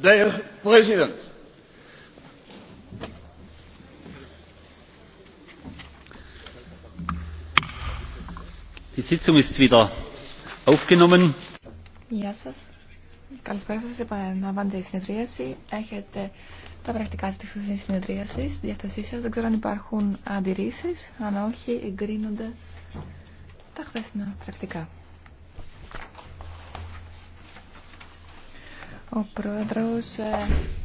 President, wieder aufgenommen. Γεια σα. Καλησπέρα σα Επαναλαμβάνεται η συνεδρίαση. Έχετε τα πρακτικά τη χθεσινής συνεδρίασης στη διάθεσή σα. Δεν ξέρω αν υπάρχουν αντιρρήσει, Αν όχι, εγκρίνονται τα χθεσινά πρακτικά. Ο πρόεδρος ε,